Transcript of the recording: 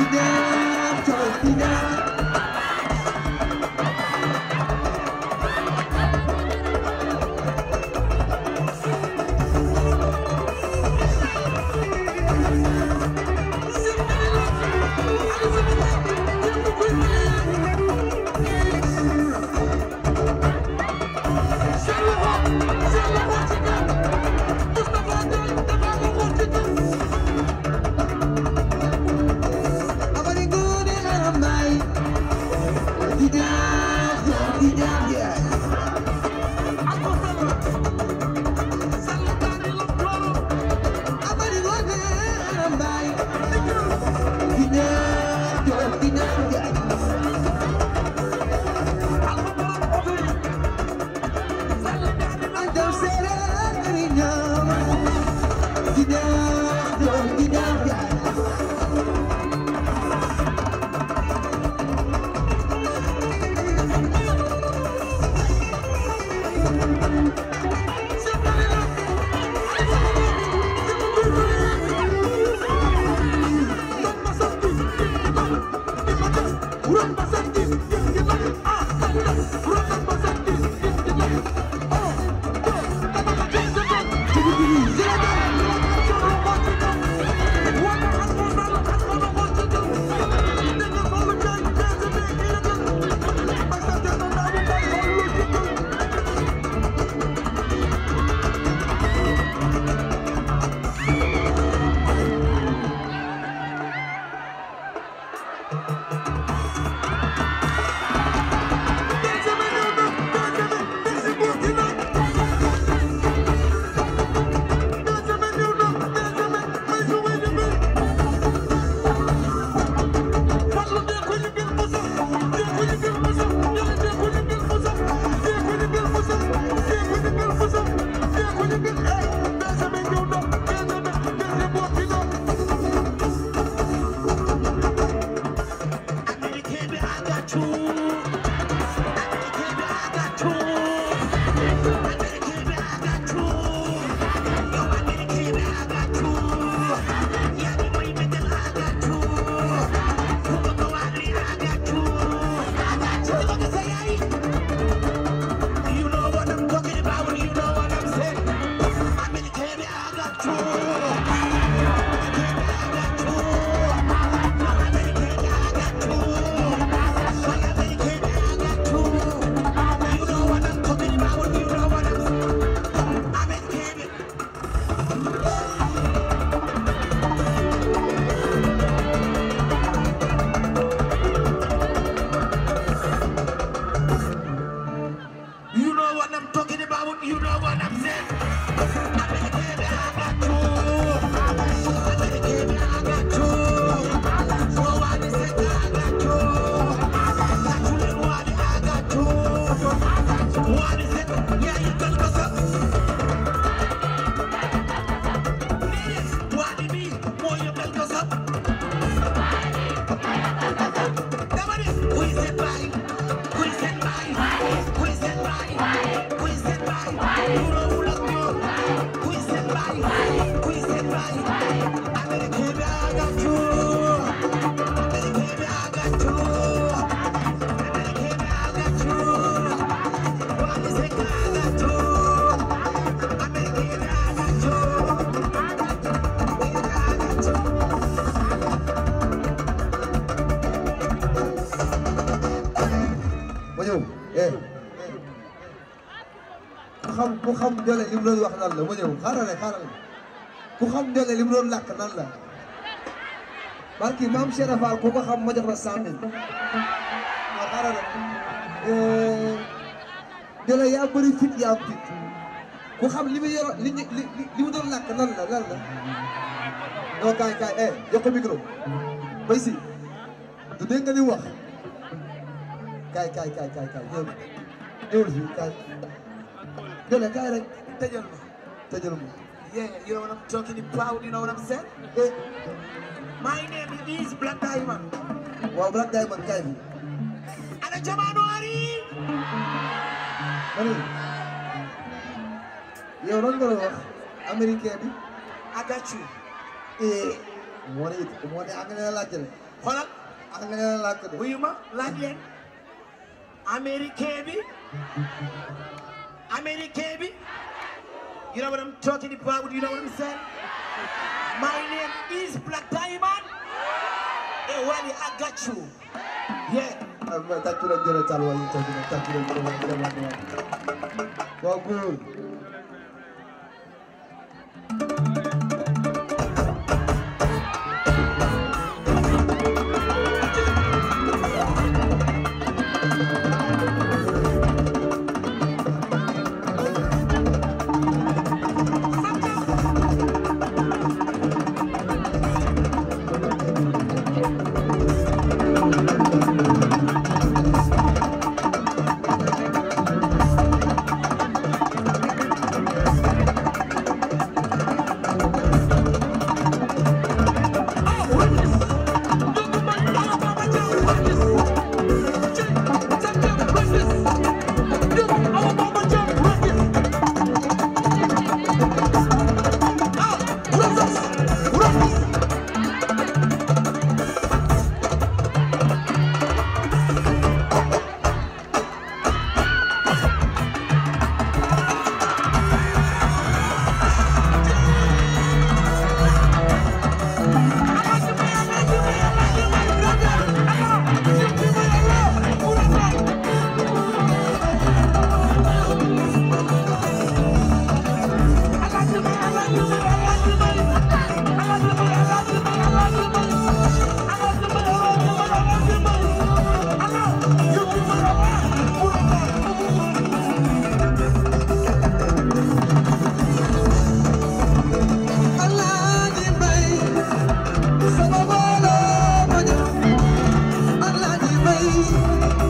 ordinaire, c'est ordinaire. Thank you. Run, run, run. Bravo! eh ku xam ku xam Ndiolé li mu doon la ma doon làkk nan la barki maam Cheikh Fall ku ko xam ma jox la cent mille waaw xaaral eh, yaa bëri fit am fit ku xam li mu yoro li li doon làkk nan la lan la non kaay kaay eh jox ko micro si du dégg nga li wax kaay kaay kaay kaay kaay ñëw ñëw fii kaay. Jole kaay rek. tëjal ma. tëjal ma. Yeah, you know what I'm talking about, you know what I'm saying? Eh. My name is Black Diamond. waaw Black Diamond kaay bi. ana jamaano ari. mani. yow lan nga doon wax. américain bi. agacu. eh. moo ne it moo ne anglais la laajte. xoolal. anglais la laajte. wuyu ma laaj leen. American bi American bi you know what I'm talking about you know what I'm saying my name is Black Diamond eh wali I got you yeah takk leen jërëjëf Talla waa Ndeye Diagne takk leen jërëjëf Talla waa Ndeye Diagne waaw góor Thank you.